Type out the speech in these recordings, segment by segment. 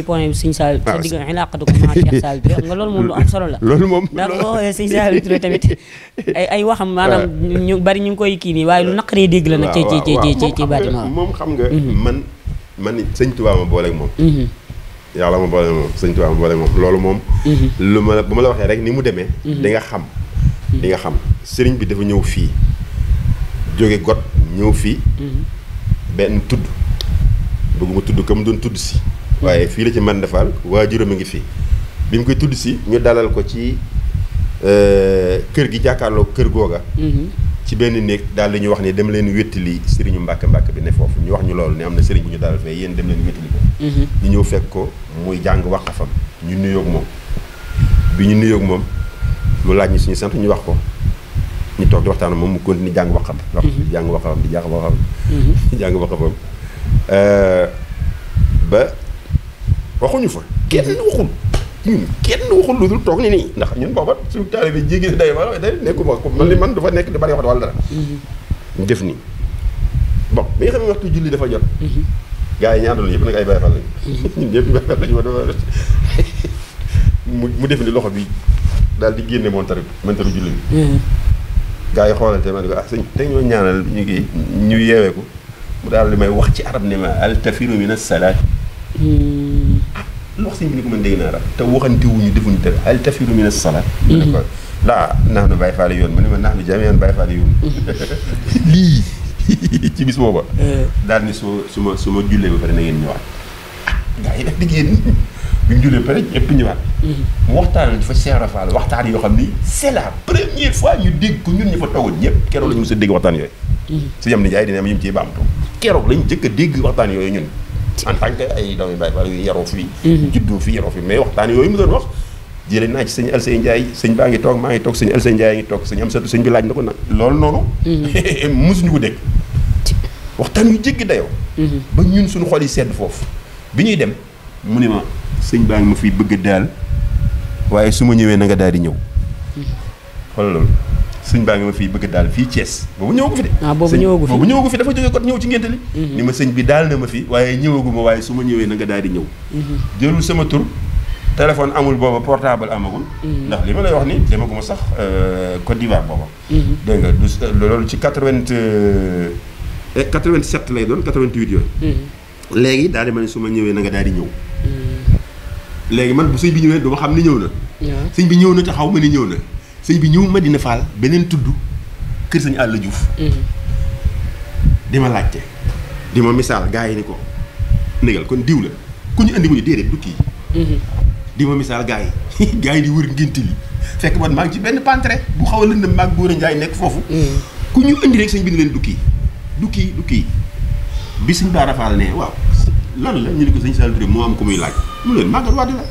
ci point bi sëñ Saliou sa digg ilaqatu ko nga loolu moom lu am solo la loolu moom ndax boo xoolee sëñ Saliou Touré tamit ay ay waxam maanaam ñu bari ñu ngi koy kii nii waaye lu naqaree dégg la nag ci ci ci ci ci baati moom xam nga man man sëñ Tuubaa ma booleeg moom yàlla ma boole moom sëñ loolu moom lu ma bu ma la waxee rek ni mu demee di nga xam di xam sëriñ bi dafa ñëw fii jóge got ñëw fii benn tudd bëgguma tudd ka mu doon tudd si waaye fii la ci Mande Fall waajuram a ngi fi bi mu koy tudd si ñu dalal ko ci euh, kër gi jàkkaarloo kër googa mm-hmm. ci benn néeg daal li ñu wax ni dem leen wéttali sëriñu mbàkk mbàkk bi ne foofu ñu wax ñu loolu ne am na sëriñ bu ñu dalal fee yéen dem leen wéttali ko mm-hmm. ñu ñëw fekk ko muy jàng waqafam ñu nuyoog moom bi ñu nuyoog moom mu laaj ñu suñu sant ñu wax ko ñu toog di waxtaan moom mu continue jàng waqaf mm-hmm. wax di jàng waqafam di jàng waqafam jàng euh, waqafam ba waxuñu fa kenn waxul ñun kenn waxul lu dul toog ni nii ndax ñun booba suñu taale bi jigéen day ma day nekkuma ko man li man dafa nekk di bari wax wala dara ñu def nii bi nga xam dafa jot gars yi ñaanal yëpp nag ay Baay Faal lañu ñun ñëpp Baay Faal mu mu def ni loxo bi daal di génne montaru montaru julli bi hmm. gaa yi xoolante ma ne ko ah sëñ te ñoo ñaanal ñu ngi ko mu daal di may wax ci arab ne ma al tafiru min as salaat hmm. lu wax sëñ bi ni ko mën dégg naa la te waxante wuñu defuñu dara al tafiru salaat laa nax na bàyyi faale yoon mu ne ma nax nu jamee an bàyyi faale yoon lii ci bis booba eh. daal ni suma su ma su ma jullee ba pare na ngeen ñëwaat ah, gaa yi daf diggéen bi mu jullee pare ñëpp ñëwaat mu mm-hmm. waxtaan fa Cheikh Rafal waxtaan yoo xam ni c'est la première ñu dégg ko ñun ñu fa ñëpp keroog lañu mos a dégg waxtaan yooyu mm-hmm. si yam ni jaay dina am yëm ci baamtu keroog lañ jëkk a dégg waxtaan yooyu ñun en tant que ay doomi Baay Faal yu yaroo fii mhm. juddoo fii yaroo fii mais waxtaan yooyu mu doon wax jëlee naa ci sëñ Alsey Ndiaye sëñ baa ngi toog maa ngi toog sëñ Alsey Ndiaye ngi toog sëñ am satu sëñ bi laaj na ko nag loolu noonu mhm. mosuñu ko dégg waxtaan yu jëkk dayoo mhm. ba ñun suñu xol yi sedd foofu bi ñuy dem mu ne ma sëñ baa ngi ma fiy bëgg daal waaye su ma ñëwee na nga daal di ñëw xool loolu sëñ baa ngi ma fii bëgg daal fii Thiès boobu ñëwagu fi de ah, boobu ñëwagu fi dafa jógee kot ñëw ci ngénte li mhm. ni ma sëñ bi daal na ma fi waaye ñëwagu ma waaye su ma ñëwee na nga daal di ñëw mhm. sama tur téléphone amul booba portable amagul mhm. ndax li ma lay wax ni demaguma sax euh, Côte d'Ivoire booba dégg nga du euh, loolu ci 80 87 euh, eh, lay doon 88 yooyu léegi daal di ma su ma ñëwee na nga daal di ñëw léegi man bu sëñ bi ñëwee duma xam ni ñëw na sëñ bi ñëw na te xaw ma ni ñëw na sëñ bi ñëw ma dina Fall beneen tudd kër sëñ Alla Diouf. Mhm. di ma laajte di ma misaal gars yi ni ko négal kon diw la ku ñu andi mu ni déedéet du kii. Mhm. di ma misaal gaa yi gars yi di wër ngénti li fekk man maa ci benn pantre bu xaw a lëndëm maag góor a njaay nekk foofu. Mhm. ku ñu andi rek sëñ bi ni leen du kii du kii du kii bi sëñ Bara Fall waaw lan la ñu ne ko sëñ Saliou Touré moo am ko muy laaj mu leen Maguette Wade la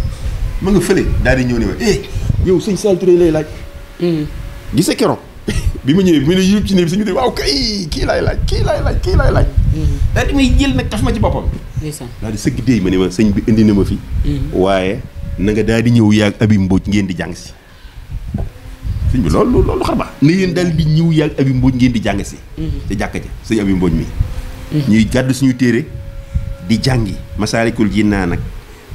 ma nga fële daal di ñëw ne ma eh yow lay laaj. gis gisee keroog bi ma ñëwee bi mu ne yëpp ci néeg bi suñu ne waaw kii laay laaj kii laay laaj kii laay laaj. daal di ma ci boppam. daal di ma ne ma bi indi na ma fi. Mm-hmm. waaye na nga di ñëw yaag abi mbóoj ngeen di jàng si. sëñ bi loolu loolu xar ñëw yaag abi mbóoj ngeen di jàng si. te mm-hmm. sëñ abi mbóoj mi. Mm-hmm. ñuy gàddu suñu téere di jàngi masaalikul ji naa nag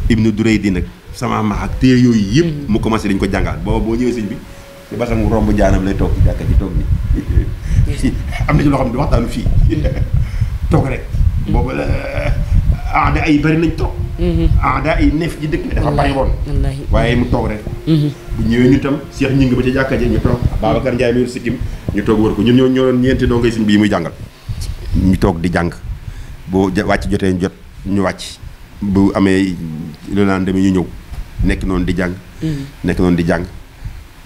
ibnu du di nag sama max ak téere yooyu yëpp. mu commencé dañ ko jàngaat booba boo ñëwee sëñ bi ci basangu romb jaanam lay toog ci jàkka ji toog ni am na ci loo xam ne waxtaanu fii toog rek boobu la eh, aada ay bari nañ toog mhm. aada ay neef ji dëkk bi dafa bari woon waaye mu toog rek mhm. bu ñëwee ñu tam seex ñi ngi ba ci jàkka ji ñu toog Babacar Ndiaye mi yor sikkim ñu toog wër ko ñu ñoo ñoo doon ñeenti doo ngay sin bii muy jàngal ñu toog di jàng boo wàcc jotee ñu jot ñu wàcc bu amee lu naan demee ñu ñëw nekk noonu di jàng mhm. nekk noonu di jàng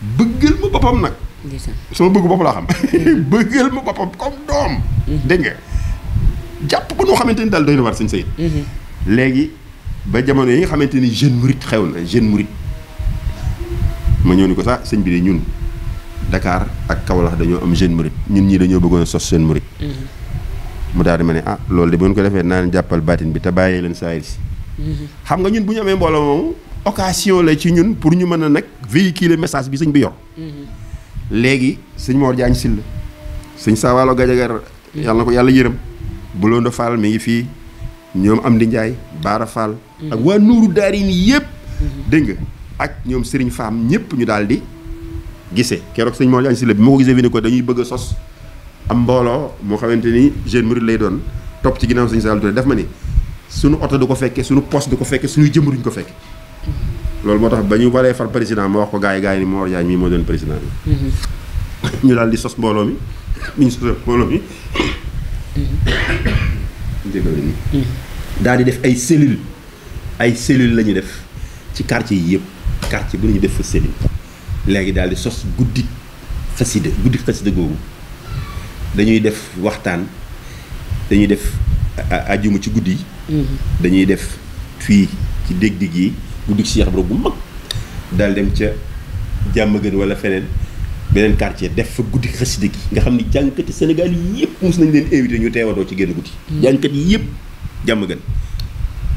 bëggal ma boppam nag. sama bëgg bopp laa xam mm-hmm. bëggal ma boppam comme doom. Mm-hmm. dégg nga jàpp ba noo xamante ni daal doy na war sëñ Seyid. Mm-hmm. léegi ba jamono yi nga xamante ni jeune mouride xew na jeune mouride ma ñëw ni ko sax sëñ bi ñun Dakar ak Kaolack dañoo am jeune mouride ñun ñii dañoo bëggoon sos jeune mouride. mu daal di ma ne ah loolu de bu ngeen ko defee naan jàppal baatin bi te bàyyee leen saa si. xam nga ñun bu ñu amee mbooloo moomu occasion la ci ñun pour ñu mën a nag véhiculer message bi sañ bi yor. Mhm. léegi sëñ Mor Diagne Sylla sëñ Sawalo Gajagar mhm. yàlla ko yàlla yërëm Bulondo Fall mi ngi fii ñoom am Amdi Ndiaye Baara Fall. Mhm. ak waa Nuuru Daarini yëpp. dégg nga ak ñoom sëriñ Fam ñëpp ñu daal di gisee keroog sëñ Mor Diagne Sylla bi ma dañuy bëgg a sos am mbooloo moo xamante ni jeune murid lay doon topp ci ginnaaw sëñ Saliou Touré def ma ni sunu oto du ko fekkee sunu poste du ko fekkee sunu jëmm duñ ko fekkee. loolu moo tax ba ñu waree far président ma wax ko gars yi gars yi ni Mor Ndiaye mii moo doon président bi. Mhm. ñu daal di sos mbooloo mi bi ñu sosee mbooloo mi. Mhm. Mhm. daal di def ay cellules ay cellules la ñuy def ci quartier yi yëpp quartier bu la ñu def fa cellule léegi daal di sos guddi xasida guddi xasida googu dañuy def waxtaan dañuy def ajuma ci guddi yi. dañuy def fii ci dégg-dégg yi. guddi si yàq bu mag. daal dem ca jàmm gën wala feneen beneen quartier def fa guddi xasida gi nga xam ni jàngkati Sénégal yëpp mos nañ leen invité ñu teewatoo ci génn guddi. Mm. jàngkat yi yëpp jàmm gën.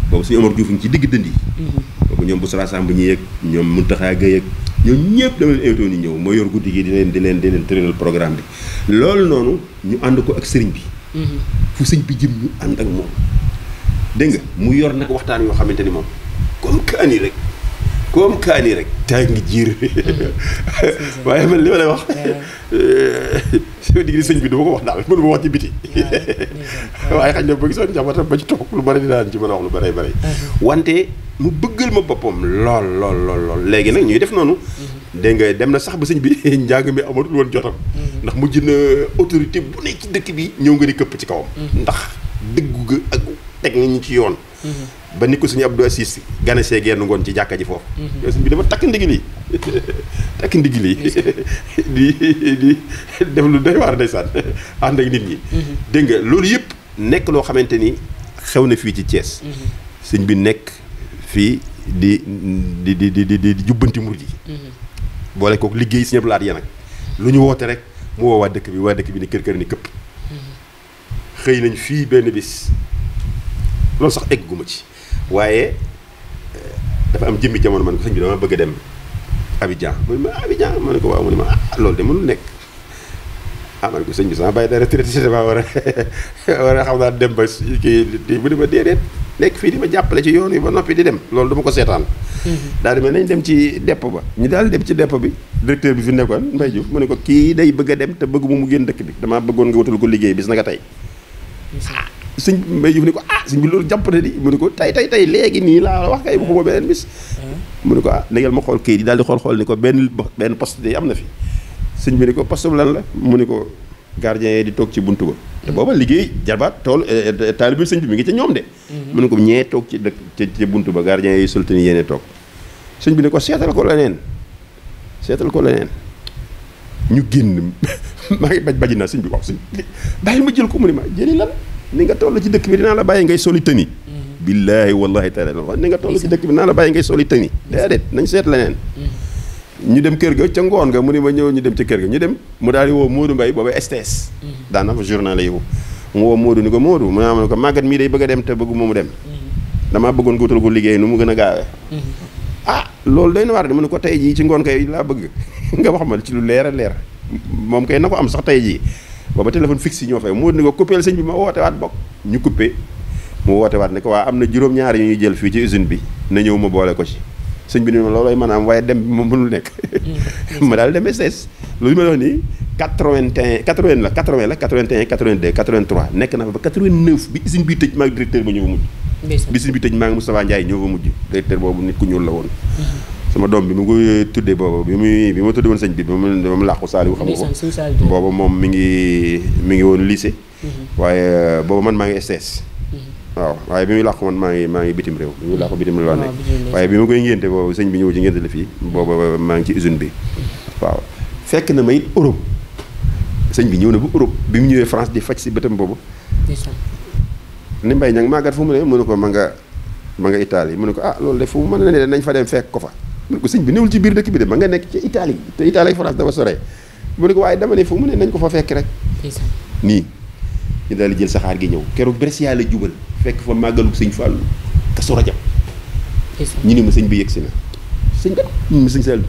boobu suñu Omar ñu ci digg dënd yi. Mm-hmm. boobu ñoom Boussra Samb ñi yeeg ñoom Mountakha Gueye yeeg ñoom ñëpp dama leen invité ñu ñëw moo yor guddi gi di leen di leen di leen tëral programme bi. loolu noonu ñu ànd ko ak sëriñ bi. Mm-hmm. fu sëñ bi jëm ñu ànd ak moom. dégg mu yor nag waxtaan yoo xamante ni moom. comme kaani rek comme kaani rek tàng jiir waaye man li ma lay wax sama digg sëñ bi du ma ko wax daal mënu ma wax ci biti waaye xañ na ba gisoon njabootam ba ci toog lu bari dinaan ci mën a wax lu bari bari ah, ah. wante mu bëggal ma boppam lool lool lool lool léegi nag ñuy def noonu mm-hmm. dégg nga dem na sax ba sëñ bi njàng mi amatul woon jotam mm-hmm. ndax mujj na autorité bu nekk ci dëkk bi ñëw nga di këpp ci kawam mm-hmm. ndax dëggu ga ak teg nañu ci yoon ba ni ko suñu Abdou Assis gane see genn ngoon ci jàkka ji foofu. Mhm. suñ bi dama takk ndigil yi takk ndigil yi def lu doy waar ndeysaan ànd ak nit ñi. Mhm. dégg nga loolu yëpp nekk loo xamante ni xew na fii ci Thiès. Mhm. suñ bi nekk fii di di di di di di jubbanti mur ji. boole kook liggéey si ñëpp laat ya nag lu ñu woote rek mu woo waa dëkk bi waa dëkk bi ni kër kër ni këpp. xëy nañ fii benn bis loolu sax egg guma ci. waaye eh, dafa am jëmmi jamono man ko sëñ bi dama bëgg a dem Abidjan mu ne ma ah, Abidjan ma ne ko waaw mu ne ma ah loolu de mënul nekk ah man ko sëñ bi sama bàyyi da retraité si damaa war a war a xam naa dem ba kii bu ne ma déedéet nekk fii di ma jàppale ci yoon wi ba noppi di dem loolu du ko seetaan. Mm-hmm. daal mel ma nañ dem ci depp ba ñu daal dem ci depp bi directeur bi fi nekkoon mbay Diouf mu ne ko kii day bëgg a dem te bëgg mu mu génn dëkk bi damaa bëggoon nga wutal liggéey bis na tey. sëñ Mbay Juuf ni ko ah sëñ bi loolu jàpp na di mu ne ko tey tey tey léegi nii laa wax kay waxuma beneen bis ah. mu ne ko ah nagel ma xool kayit di daal di xool xool ni ko benn benn poste de am na fi sëñ bi ni ko poste bu lan la mu ne ko gardien di toog ci buntu ba te mm. booba liggéey jarbaat tool eh, eh, taalibu sëñ bi mi ngi ca ñoom de mm-hmm. mu ne ko ñee toog ci dëkk ci buntu ba gardien yi sultani yéene toog sëñ bi ne ko seetal ko leneen seetal ko leneen ñu génn maa ngi baj baji naa sëñ bi wax sëñ bàyyi ma jël ko mu ni ma jëli lan ni nga toll ci dëkk bi dinaa la bàyyi ngay soli tëni mm-hmm. billaahi wallaahi taala ni nga toll ci dëkk bi dinaa la bàyyi ngay soli tëni mm-hmm. déedéet nañ seet leneen mm-hmm. ñu dem kër ga ca ngoon nga mu ne ma ñëw ñu dem ca kër ga ñu dem mu daal di woo Modou Mbaye booba STS daana fa journal yi mu woo Modou ni ko Modou mu ne ko màggat mii day bëgg a dem te bëggu moomu dem damaa bëggoon ko wutal ko mu gën a gaawee ah loolu day na waar de mu ne ko tey ci ngoon kay laa bëgg nga wax ma a leer moom kay na ko am sax tey jii booba téléphone fixe yi ñoo fay mu ne ko coupé sëñ bi ma woote waat bokk ñu coupé mu woote waat ne ko waa am na juróom-ñaar ñuy jël fii ci usine bi na ñëw ma boole ko ci sëñ bi ne ma loolooy maanaam waaye dem bi ma mënul nekk mm. ma daal dem SS loolu ma wax nii 81 80 la 80 la 81 82 83 nekk na fa ba 89 bi usine bi tëj maa ngi directeur ba ñëw mujj bi usine bi tëj maa ngi Moustapha Ndiaye ñëw fa la woon mm-hmm. sama doom bi mu ngi tuddee booba bi muy bi ma tuddee woon sëñ bi ba mu làqu Saliou xam nga ko booba moom mi ngi mi ngi woon lycée mm-hmm. waaye booba man maa ngi STS mm-hmm. waaw waaye bi muy làqu man maa ngi maa ngi bitim réew bi muy làqu bitim réew laa nekk waaye bi ma koy ngénte boobu sëñ ñëw ci ngénte la fii booba maa ngi ci bi mm-hmm. waaw fekk na ma it bi ñëw na bu Europe bi mu ñëwee France di faj si bëtam boobu ni mbay ñang maagat fu mu ne mënu ko ma nga ma nga Italie ne ko ah loolu de fu mu mën ne nañ fa dem fekk ko fa mun ko sëñ bi newul ci biir dëkk bi de nga nekk ci Italie te Italie ak France dafa sore mu ne nañ ko fa fekk rek nii ñu daal di jël saxaar gi ñëw keroog Brescia la jubal fekk fa màggalu sëñ Fàllu Kazu Rajab ñu ne ma sëñ bi yegg si na sëñ ba ñu ne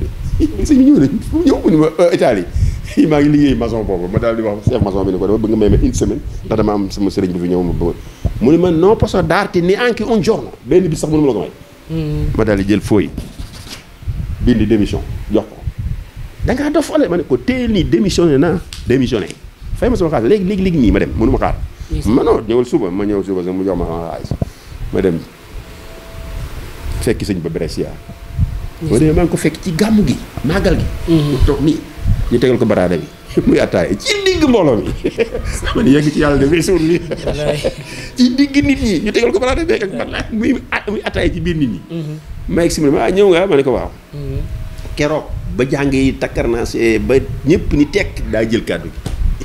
bi ñëw na fu mu ñëw mu ne euh, maa ngi liggéey maçon boobu ma daal di wax chef maçon bi ne ko dafa bëgg nga may ma une semaine ndax dama am sama sëriñ bi fi ñëw ma bëgg mu ne ma non posso darti neanche un giorno benn bi sax mënu ma hmm. ma daal di jël fooy bindi démission jox ko da ngaa dof wala ma ko téye nii démissionné naa démissionné fay ma sama xaalis léegi léegi léegi nii ma dem mënu ma xaar. ma non ñëwal suba ma ñëw suba sax mu jox ma sama xaalis ma dem fekki sëñ ba Brescia. ma demee maa ko fekk ci gàmm gi màggal gi. Mm-hmm. mu toog ñu tegal ko baraada bi. muy attaay ci digg mbooloo mi man yegg ci yàlla dafay suur lii ci digg nit ñi ñu tegal ko baraada bi ak baraada muy attaay ci biir nit ñi. Mm-hmm. ma exprimer ah ñëw nga ma ne ko waaw. Mm-hmm. keroog ba jàng yi takkar naa see eh, ba ñëpp ni tekk daa jël kàddu gi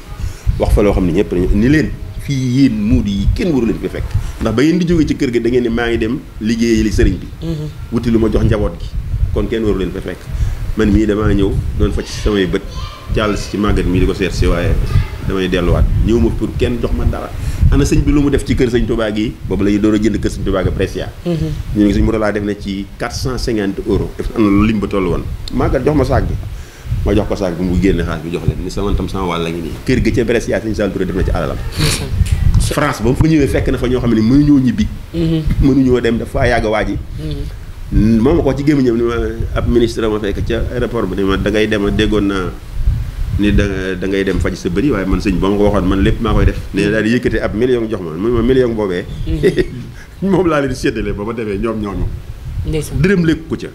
wax fa loo xam ne ñëpp ni leen fii yéen muud yi kenn waru leen fi fekk ndax ba ngeen di jógee ci kër gi da ngeen ne maa ngi dem liggéey li sëriñ bi. Mm-hmm. wuti lu ma jox njaboot gi kon kenn waru leen fi fekk man mii damaa ñëw doon fa ci samay bët jàll si ci màggat mii di ko seet si waaye damay delluwaat ñëw ma pour kenn jox ma dara. ana sëñ bi lu mu def ci kër sëñ Touba gi boobu la ñuy door jënd kër sëñ Touba gi Brescia mhm. ñu ngi sëñ mu laa def na ci 450 euros def am na lu lim ba jox ma saag bi ma ko saag mu génne xaalis bi jox leen ni sama tam sama wàll la ngi nii kër ga ca Brescia sëñ Sall Touré def na ci alalam France ba mu fa ñëwee fekk na fa ñoo xam ne mënuñoo ñibbi mhm. mënuñoo dem dafa yàgg waa ji mhm. moom ma ko ci gémmiñam ni ma ab ministre ma fekk ca aéroport bi ni ma da dem a déggoon naa ni da da ngay dem faj sa bëri waaye man sëñ ba ma ko waxoon man lépp maa koy def ne daal di yëkkate ab million jox ma mu ma million boobee mhm. moom laa ba ma demee ñoom ñooñu dërëm lekk ko ca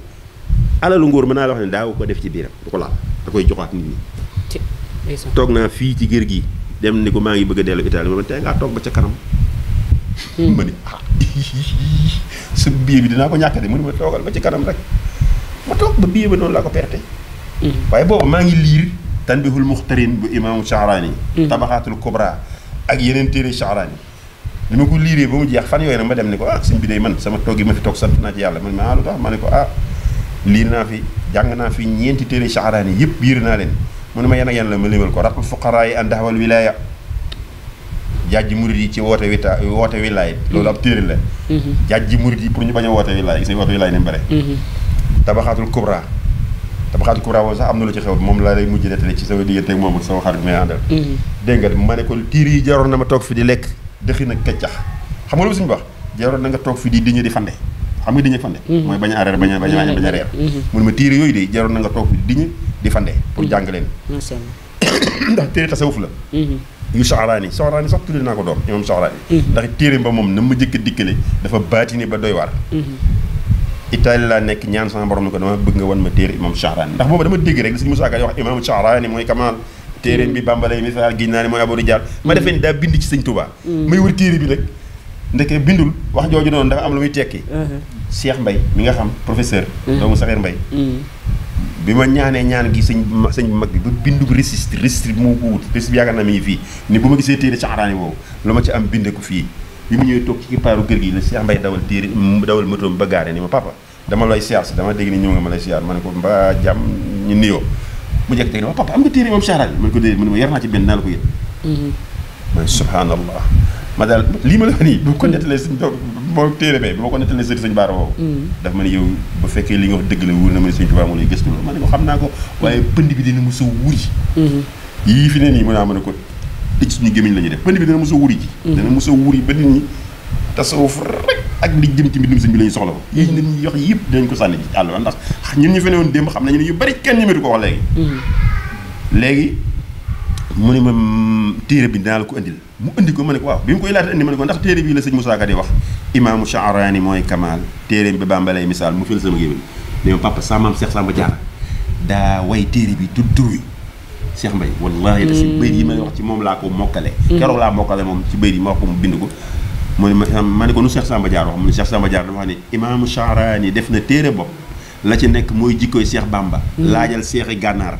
alalu nguur mën naa la wax def ci biiram du ko laal da koy joxaat nit ñi toog naa fii ci kër gi dem ni ko maa ngi bëgg a dellu Italie ma tey ngaa toog ba ca kanam hmm. ma ni ah sa billet bi dinaa ko ñàkkati mu ne ma toogal ba ci kanam rek ma toog ba billet ba noonu laa ko perte hmm. waaye boobu maa ngi liir tanbihul muxtarin bu imaamu Sha'rani mm. tabaxaatul kubra ak yeneen téere Sha'rani li ma ko liiree ba mu jeex fan yooyu nag ma dem ni ko ah sëñ bi day man sama toog yi ma fi toog sant naa ci yàlla man ma ah, lu tax ma ne ko ah naa fi jàng naa fi ñeenti téere Sha'rani yëpp biir naa leen mu ne ma yan ak yan la ma limal ko raqul fuqaraa yi an daxwal wilaaya jajji murid yi ci woote wita woote wilaay mm-hmm. loolu ab téere la mm-hmm. jajji murid yi pour ñu bañ a woote wilaay gis nga woote wilaay ni mu mm-hmm. tabaxaatul kubra Abdou Khadre Kourawo sax moom laa lay mujj nettali ci sama mm. na ma toog fi xam nga na nga toog fi di diñu di fande xam nga diñu mm. mooy bañ a reer bañ a bañ mm. mm-hmm. mun ma tiir yooyu de jaroon na nga toog fi di diñu di fande pour jàng leen ndax téere tasawuf la mm-hmm. yu soxlaani soxlaani sax tuddee naa ko doom imam soxlaani mm-hmm. ndax téere ba moom na ma jëkk dikkale dafa baatini ba doy waar Italie laa nekk ñaan sama borom ni ko dama bëgg nga wan ma téere imam Sha'rani ndax boobu dama dégg rek li suñu Musaa Ka wax imam Sha'rani mooy Kamaal téeréem bi bambala mm. bi rek bindul wax jooju noonu dafa am lu muy tekki uh-huh. Cheikh Mbaye mi nga xam professeur mm. doomu Saxeer mbay mm. bi ma ñaanee ñaan gi sëñ sëñ bu mag bi ba bindu registre registre bi mu ko wut registre bi yaakaar naa mi ngi fii ni bu ma gisee téere Sha'rani boobu lu ma ci am binde ko fii bi mu ñëwee toog ci kippaaru kër gi la Cheikh Mbaye dawal téere dawal moto ba gaare ni ma papa dama lay siyaar si dama dégg ni ñëw nga ma lay siyaar ma ne ko mbaa jàmm ñu mu jekk ma papa am nga ma ne ko déedéet ne ma yar naa ci benn naa la ko mm-hmm. ne subhanallah ma daal lii ma la nii bu ko nettalee sëñ moo téere bee bu ma ko nettalee sëñ sëñ baara boobu mm-hmm. ma ne yow ba fekkee li nga wax dëgg la wóor na ma ne sëñ Tuubaa moo lay gëstu loolu ma ne ko xam naa ko mm-hmm. waaye pënd bi dina mu sa wuri yii fi ne nii mu naa ah, ma a ko tëj gémmiñ la ñuy def pënd bi dana mos a wuri ji mhm. dana mos a ak li jëm ci mbindum bi la ñuy soxla ko mhm. yi nit ñi yëpp dinañ ko sànni ci àll ba ndax ah ñun ñu fi newoon démb xam nañu ne yu bari kenn ñemetu ko wax léegi mhm. mu ne ma mm, téere bi dinaa la ko indil mu indi ko ma ne ko waaw bi mu koy laata indi ma ko ndax téere bi la sëñ Moussa Ka di wax imaamu Shaarani mooy Kamal téere bi bambalay misaal mu fël sama gémmiñ ne ma papa sa maam Seex Samba Jaara daa way téere bi du tur wi Cheikh Mbaye wallahi la si mm. bëyit yi ma wax ci moom laa ko mokkale mm. keroog laa mokkale moom ci bëyit yi ma wax ko mu bind ko mu ne ma eh, ne ko nu Cheikh Samba wax mu ne Cheikh Samba dafa def na téere bopp la ci nekk mooy jikkoy Cheikh Bamba mm. laajal seexi gànnaar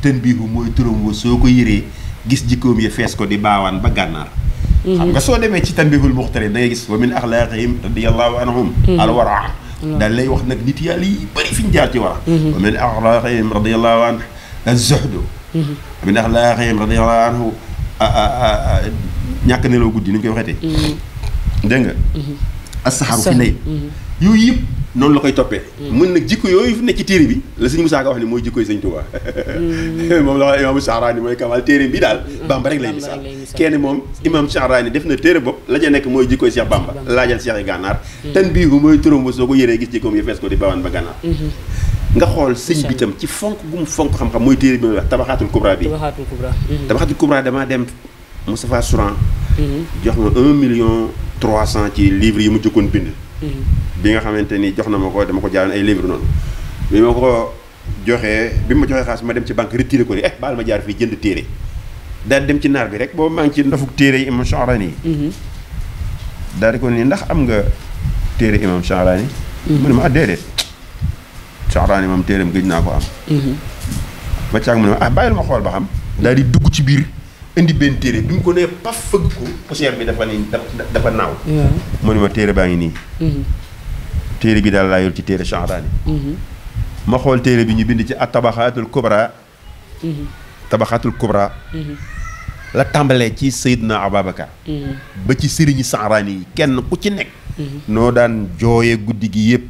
tën biihu mooy turam wa soo ko yëree gis jikkoom ya fees ko di baawaan ba gànnaar mm-hmm. xam nga soo demee ci tanbihul muxtari da gis wa min axlaaqihim radiallahu anhum mm-hmm. al wara mm-hmm. lay wax nag nit yàlla yi bëri fi ñu jaar ci wara wa min axlaaqihim radiallahu anhu az zuhdu bi ndax laa xëyam radiyallahu anhu ñàkk nelaw guddi ni ñu koy waxeetee mm-hmm. dégg nga mm-hmm. asaxaru fi nay mm-hmm. yooyu yëpp noonu la koy toppee mën nag jikko yooyu nekk ci téere bi la sëñ Moussa Ka wax ne mooy jikko yi sëñ Touba moom la wax imaamu Sahraani mooy kamal téere bi daal Bamba rek lay misaal kenn moom imam Sahraani def na téere bopp la nekk mooy jikkoy Cheikh Bamba laajal Cheikh gànnaar tan biihu mooy turam ba soo ko yëree gis jikkoom yi fees ba gànnaar nga xool sëñ bi tam ci fonk gu mu fonk xam-xam mooy téere bi may wax tabaxaatul kubra bi tabaxaatul kubra mhm. tabaxaatul kubra damaa dem Moustapha Souran mhm. jox ma un million trois cent ci livres yi mu jëkkoon bind mhm. bi nga xamante ni jox na ma ko dama ko jaayoon ay livres noonu bi ma ko joxee bi ma joxee xaalis ma dem ci banque retiré ko ni eh baal ma jaar fii jënd téere daal dem ci naar bi rek boobu maa ci ndafuk téere yi imam Chahrani yi daal di ko ni ndax am nga téere imam Chahrani mu ne ma ah déedéet Saxraani moom téeram gëj naa ko am. Mhm. ba caag mu ne ah bàyyil ma xool ba xam. daal di dugg ci biir indi benn téere bi mu ko nee paf fëgg ko poussière bi dafa nii dafa naaw. mu ne ma téere baa ngi nii. Mhm. téere bi daal laa yor ci téere Saxraani. Mhm. ma xool téere bi ñu bind ci atabaxaatul kubra. tabaxaatul kubra. la tàmbalee ci Seydina Ababacar ba ci sëriñi Saxraani yi kenn ku ci nekk. noo daan jooye guddi gi yëpp.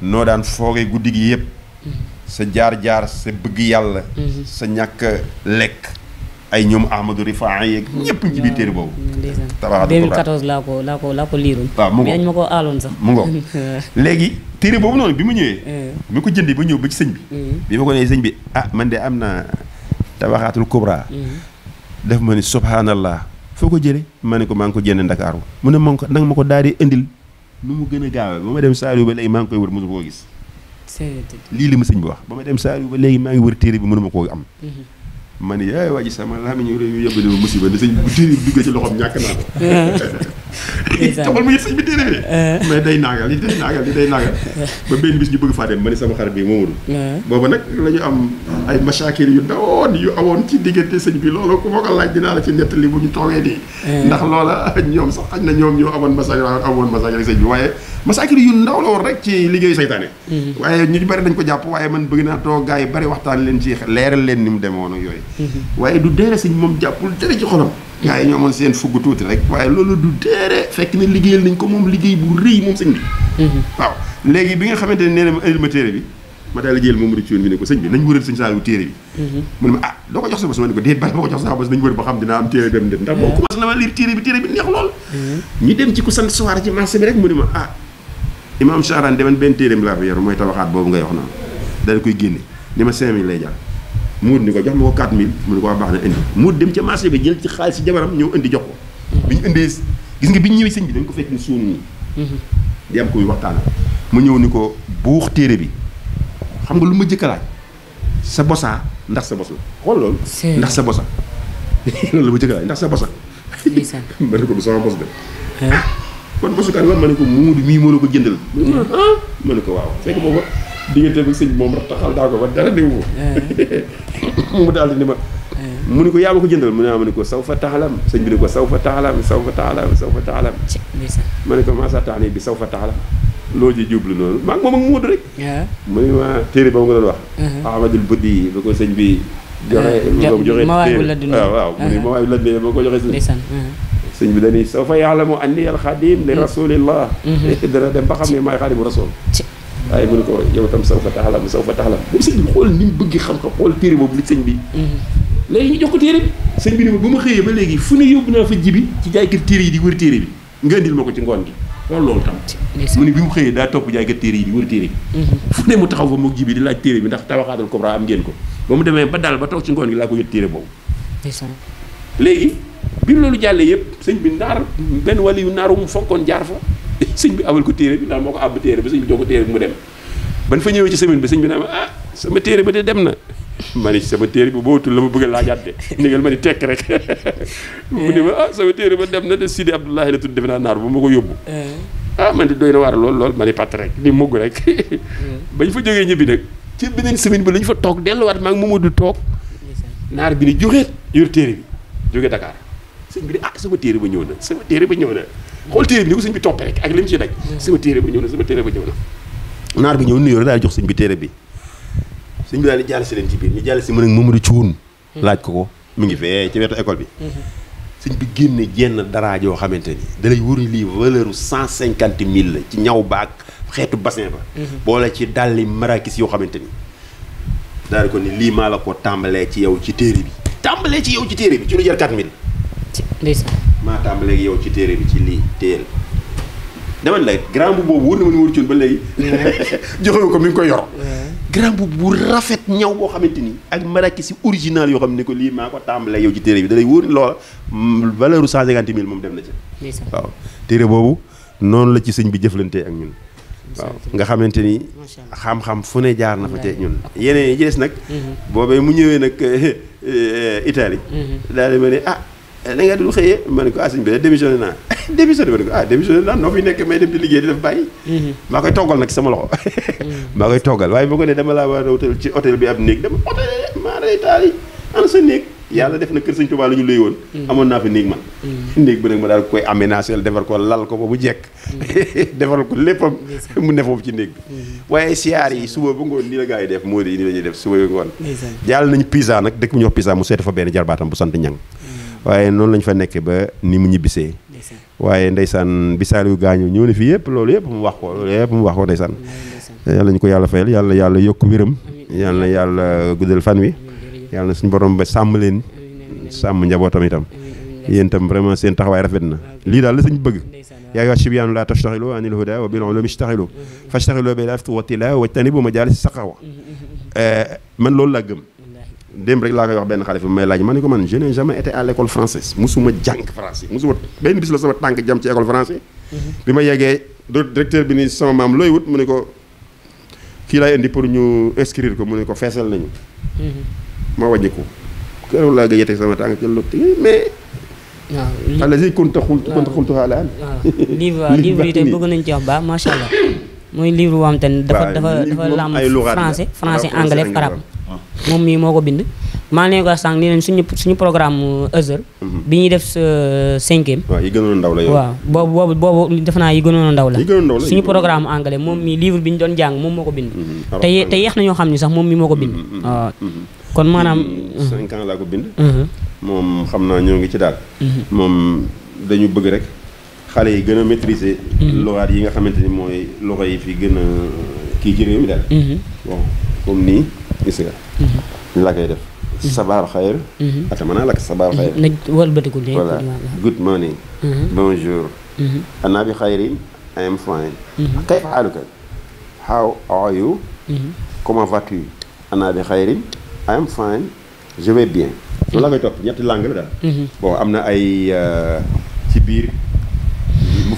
noo daan foogee guddi gi yëpp mm-hmm. sa jaar-jaar sa bëgg yàlla mm-hmm. sa ñàkk lekk ay ñoom Ahmadou Rifaa yeeg mm-hmm. ñëpp ci biir téere boobu tabax 2014 laa ko laa ko laa léegi téere boobu noonu bi mu ñëwee mi eh. ko jëndee ba ñëw ci sëñ bi bi sëñ bi ah man de am na tabaxaatul kubra def ma ni subhaanallah foo ko jëlee ma ni ko maa ngi ko jënd Ndakaaru mu ne ma ko nag ma ko daal di indil nu mu gën a gaawee ba ma dem Saliou ba léegi maa ngi koy wër mënu koo gis lii li ma sëñ bi wax ba ma dem Saliou ba léegi maa ngi wër téere bi mënu ma koo am mhm. ma ne yaay waa ji sama laa mi ñu réew yu yëbale musiba ne bu téere bi duggee ci loxoom ñàkk naa ko taxal ma sëñ bi déedéet euh. mais day naagal li day naagal li day naagal ba benn bis ñu bëgg faa dem ma ni sama xarit bi Mamadou euh. booba nag la ñu am ay machaakil yu ndawoon awoon ci diggante sëñ bi loolu ku ma ko laaj dinaa la ci nettali bu ñu toogee nii euh. ndax loola sax xaj na ñoom ñoo amoon masaakil amoon masaakil sëñ bi waaye masaakil yu ndaw la woon rek ci liggéeyu saytaane mm-hmm. waaye ñu bari dañ ko jàpp waaye man bëgg naa toog yi bari waxtaan leen ci leeral leen ni mu demewoon ak yooyu mm-hmm. waaye du deere sëñ moom jàppul dara ci xolam gars yi ñoo amoon seen fugg tuuti rek waaye loolu du déere fekk ne liggéeyal nañ ko moom liggéey bu rëy moom sëñ bi mhm. waaw léegi bi nga xamante ne nee na ma indil ma téere bi ma daal di téere bi mhm. ah, sa ma ne ko déet bala ma ko jox sa bos nañ wër ba xam mhm. neex lool ñu dem ci ku sant soir ci marché bi rek mu ne ma ah imam Charan deman benn téere bi laa fi yor mooy tabaxaat boobu ngay wax noonu daal koy génne ni ma cinq lay jar muut ni ko jox ma ko 4000 mu ne ko wax baax na indi muut dem ca marché bi jël ci xaalis si jabaram ñëw indi jox ko bi ñu indee gis nga bi ñu ñëwee sëñ bi dañ ko fekk ni suun mm-hmm. ko muy waxtaan mu ñëw ni ko buux téere bi xam nga lu ma jëkk sa bosaa ndax sa bos la xool loolu ndax sa bosa loolu la ma jëkk a laaj ndax sa bosa ma ne ko du sama bos de kon bosukaan la ma ne ko muudu mii moo ko jëndal mm-hmm. ma ne ko waaw fekk booba diggante bi sëñ moom rattaxal daa ko ba dara néew ko eh. mu daal di ni ma eh. mu ni ko yaa ko jëndal mu ah, ma ni ko saw fa taxalam sëñ bi ni ko saw fa taxalam saw fa taxalam saw fa taxalam ma ne ko maasa bi saw fa taxalam loo ji jublu noonu maa ngi moom ak Moodu rek eh. mu ni ma téere ba ma nga wax ahmadul buddi ba ko sëñ bi joxe ma waay la dund waaw mu ni ma waay la dund ma ko joxe sëñ sëñ bi dañuy saw fa yàlla moo andi al xadim li rasulillah mm-hmm. dana dem ba xam ne maay xadimu rasul waaye mu ne ko yow tam saw fa taxalam saw fa taxalam moom sëñ bi xool ni mu bëgg xam-xam xool téere boobu li sëñ bi mm-hmm. léegi ñu jox ko téere ma xëyee ba léegi fu ne yóbbu naa fa jibi ci jaaykat téere yi di wër téere bi nga indil ko ci ngoon gi xool loolu tam mu xëyee daa topp jaaykat téere yi di wër téere bi mm-hmm. fu ne mu taxaw fa moog jibi di laaj téere bi ndax am ngeen ko ba mu demee ba daal ba toog ci ngoon gi laa ko yët téere boobu léegi bi loolu jàllee yëpp sëñ bi naar benn wàli yu naaru mu fonkoon jaar fa sëñ bi abal ko téere bi ndax moo ko àbb téere bi sëñ bi jox ko téere ban fa ñëwee ci semaine bi sëñ bi naa ma ah sama téere ba de dem na ma ni sama téere bi bootul la ma bëgg laa laajaat de man ma ni tekk rek mu ne ma ah, téere ba dem na de Sidi Abdoulahi la naar bu ma ko yóbbu eh. ah man di waar lool lool ma ni patt rek ni rek bañ fa jógee ñibbi nag ci beneen semaine bi la ñu fa toog delluwaat maa ngi Mamadou toog naar bi ni jógeet yor jóge Dakar sëñ bi ni ah sama téere ba ñëw na sama téere ba ñëw na xool téere bi ni ko sëñ bi toppee rek ak li mu ciy daj mm. sama téere ba ñëw na sama téere ba ñëw na naar bi ñëw nuyoo daal jox sëñ bi téere bi sëñ bi di jàll si leen ci biir ñu jàll si mën ak Mamadou Thioune mm. laaj ko ko mu ngi fee ci wetu école bi mm-hmm. sëñ bi génne jenn daraa joo xamante ni da lay wóor lii cent cinquante mille la ci ñaw baak xeetu bassin ba mm-hmm. boole ci dàlli marakis yoo xamante ni daal ko ni lii maa la ko tàmbalee ci yow ci téere bi tàmbalee ci yow ci téere bi ci lu jar quatre mille maa tàmbaleeg yow ci téere bi ci lii téel dama ne la grand boobu wóor na ma ni wóor ba léegi. joxewu ko mi ngi koy yor. grand bu bu rafet ñaw boo xamante ni ak maraki si original yoo xam ne ko lii maa ko tàmbalee yow ci téere bi da lay wóor ni loola mm, valeur u cent cinquante moom dem na ci. waaw téere boobu noonu la ci sëñ bi jëflantee ak ñun. waaw nga xamante ni xam-xam fu ne jaar na fa te ñun yeneen yi ci des nag. Mhm. boobee mu ñëwee nag euh, Italie. Mhm. daal di Eh, da nga dul xëyee ma ne ko ah sëñ bi démissionné naa démissionné ma ne ko ah démissionné naa noo fi nekk may dem di liggéey di def bàyyi mhm. maa koy toggal nag sama loxo mhm. maa koy toggal waaye dama laa war a hôtel ci hôtel bi ab néeg dama hôtel maa day sa néeg yàlla def na kër sëñ Tuubaa ñu luy woon mhm. amoon naa fi néeg man néeg bi nag ma daal koy aménagé defar ko lal ko ba mu jekk defaral ko léppam mu ne foofu ci néeg bi waaye siyaar yi suba ba ngoon nii la gars yi def moo di nii la ñuy def suba ba ngoon jàll nañu Pisa nag dëkk bu ñuy wax Pisa mu seeti fa benn jarbaatam bu sant ñang waaye noonu lañ fa nekk ba ni mu ñibbisee waaye ndeysaan bi Saliou gaañu ñëw na fii yëpp loolu yëpp mu wax ko loolu yëpp mu wax ko ndeysaan yàlla ñu ko yàlla fayal yàlla yàlla yokk wéram yàlla yàlla guddal fan wi yàlla suñu borom ba sàmm leen sàmm njabootam itam yéen itam vraiment seen taxawaay rafet na lii daal la sañ bëgg yaa ayyuha shibyaanu laa tashtaxilu anil huda wa bil ulumi ishtaxilu mm-hmm. fashtaxilu bil afti wa tilaawa wajtanibu majaalis saqawa mm-hmm, mm-hmm, eh, man loolu laa gëm démb rek laa koy wax benn xale fi may laaj ma ne ko man je n'ai jamais été à l'école française musuma jàng français musuma benn bis la sama tànk jam ci école français mhm. bi ma yeggee directeur bi ni sama maam looy wut mu ne ko kii laay indi pour ñu inscrire ko mu ne ko feesal nañu mhm. ma wàññi ko keroog laa gëj a teg sama tànk jël lotti eh, mais waaw li allez-y kunta xultu kunta xultu xaalaan livre livre yi tey bëgg nañu ci wax baax macha allah. te ne dafa dafa dafa làmb français français anglais arabe moom mii moo ko bind maa ngi leen ko sànq nee nañ suñu suñu programme heure mhm. bi ñuy def sa euh, cinquième waaw yi gënoon ndaw la yow waaw boobu boobu boobu def naa yi gënoon ndaw la suñu programme anglais moom mii livre bi ñu doon jàng moom moo ko bind mhm, te te yeex na ñoo xam ni sax moom mii moo ko bind mhm, kon maanaam cinq ans laa ko bind moom xam naa ñoo ngi ci daal moom dañu bëgg rek xale yi gën a maîtriser loxaat yi nga xamante ni mooy loxo yi fi gën a kii ci mi daal gis nga. ñu mhm. la koy def. Mhm. sabaar xayr. Mhm. atamanaa lak sabaar xayr. nag wëlbatiku léegi. voilà good morning. bonjour. ana bi xayrin. I am fine. kayfa xaaluka. how are you. comment vas-tu. ana bi xayrin. I am fine. je bien. loolu la koy topp ñetti langue la daal. bon am na ay euh, ci biir.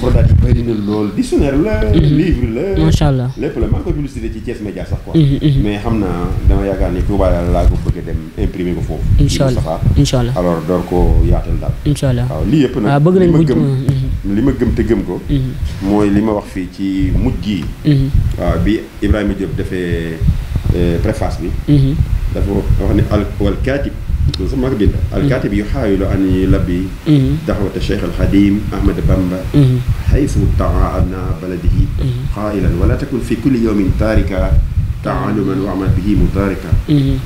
produit bëri na lool dictionnaire la. Mhm. livre la. macha lépp la maa ngi koy publicité ci Thiès Média sax quoi. Mhm, mhm. mais xam naa dama yaakaar ni Touba daal laa ko bëgg dem imprimer ko foofu. incha allah incha allah alors door ko yaatal daal. incha allah waaw lii yëpp nag. Ah, bëgg nañ ko li ma gëm te gëm ko. mooy li ma wax fii ci mujj gii. waaw bi Ibrahima Diop defee euh, préface bi. dafa wax ni al wal kaatib ثم قبل الكاتب يحاول أن يلبي دعوة الشيخ الخديم أحمد بامبا حيث دعا أبناء بلده قائلا ولا تكن في كل يوم تاركا تعلما واعمل به متاركا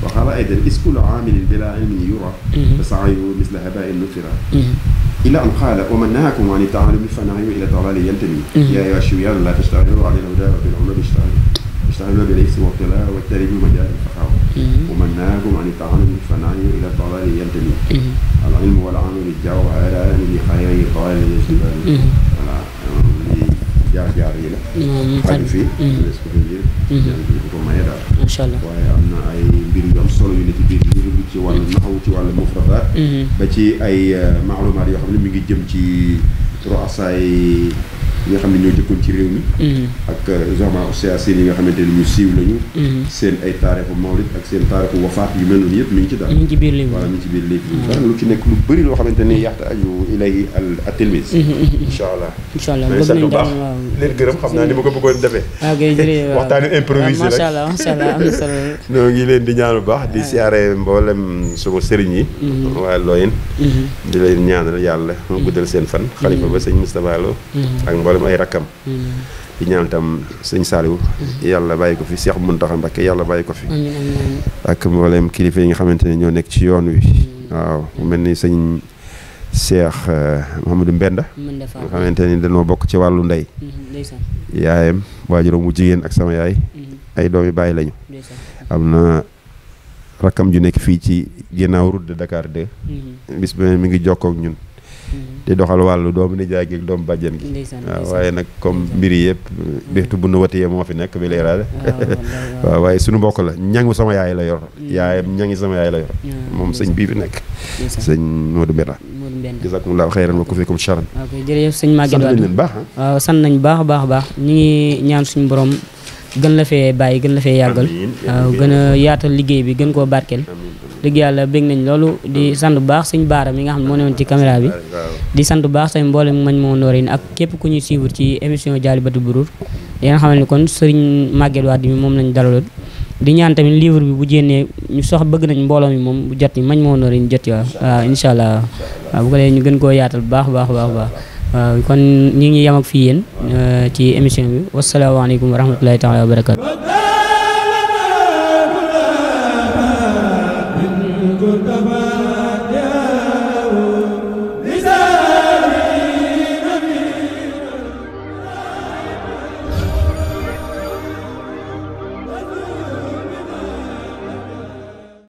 وقال أيضا إذ كل عامل بلا علم يرى فسعيه مثل هباء نثرا إلى أن قال ومن نهاكم عن التعلم فنهي إلى ضلال ينتمي يا أيها الشويان لا تشتغلوا على الهدى وبالعمر اشتغلوا استعن بالإثم والكلاء واجتنبوا مجال الفخار ومناكم عن التعامل بالفناء إلى الضلال ينتمي العلم والعمل الجواب على أن خير قال يجتبان voilà lii jaar jaar yi la. moom xarit fii. des ko fi jël. ko ko maye daal. macha allah waaye am na ay mbir yu am solo yu ne ci biir mbir yu ci wàllu naxawu ci wàllu mufradaat ba ci ay maalumaat yoo xam ne mi ngi jëm ci roasaay. yi nga xam ne ñoo jëkkoon ci réew mi. Mm-hmm. ak euh, yi nga xamante ni ñu siiw lañu. seen ay taarixu mawlid ak seen taarixu wafaat yu mel yëpp mi ngi ci daal. ci biir livre voilà biir livre mm-hmm. ci nekk lu bari loo xamante ni yaxta aju ilay al tilmis. Mm-hmm, incha allah incha allah bëgg nañu daal waaw leen xam naa ni ma ko bëggoon defee. Ah, waaw kay jërëjëf waxtaanu improvisé ah, rek macha allah macha allah ngi leen di ñaan bu baax di ah. siyaare mboolem sama sëriñ yi. waa Loyen. di leen ñaanal yàlla guddal seen fan. xalifa ba sëñ Moustapha Lo ak mboolem ay rakkam mm-hmm. di ñaan itam sëñ Saliou mm-hmm. yàlla bàyyi ko fi Cheikh Mountakha Mbacké yàlla bàyyi ko fi ak mboolem kilifa yi nga xamante ne ñoo nekk ci yoon wi mm-hmm. waaw mu mel ni sëñ Cheikh euh, Mouhamadou Mbenda nga xamante ni dañoo bokk ci wàllu ndey yaayam waajuram jigéen ak sama yaay ay doomi bàyyi lañu am na rakkam ju nekk fii ci ginnaaw route de bis beneen mi ngi jokkook ñun di doxal wàllu doomu nijaay gi doomu bàjjen gi waaw waaye nag comme mbiri yëpp mm. bixtu bu nu watiyee moo fi nekk bi leeraale ah, waaw waaye suñu mbokk la ñangu sama yaay la yor mm. yaayam ñangi sama yaay la yor ah, moom sëñ bii fi nekk sëñ Modou Mbenda jazakumullahu xayran wa kufikum charan jërëjëf sëñ Maguette Wade ah. sant nañ baax baax baax ñu ngi ñaan suñu borom gën la fee bàyyi gën la fee yàggal waaw gën a yaatal liggéey bi gën koo barkeel dëgg yàlla bég nañ loolu di sant bu baax suñ baara mi nga xam ne moo newoon ci caméra bi di sant bu baax tamit mañ moo noor ak képp ku ñuy suivre ci émission Dialibatoul Bourour yéen xamal ni kon sëriñ Maguette waa di moom lañ dalaloon di ñaan tamit livre bi bu jénnee ñu sox bëgg nañ mbooloo mi moom jot ni mañ moo noor yi ñu jot waaw waaw incha allah waaw bu ko ñu gën koo yaatal bu baax baax baax baax waaw kon ñu ngi yem ak fii yéen euh, ci émission bi wasalaamaaleykum wa rahmatulahi taala wa barakatu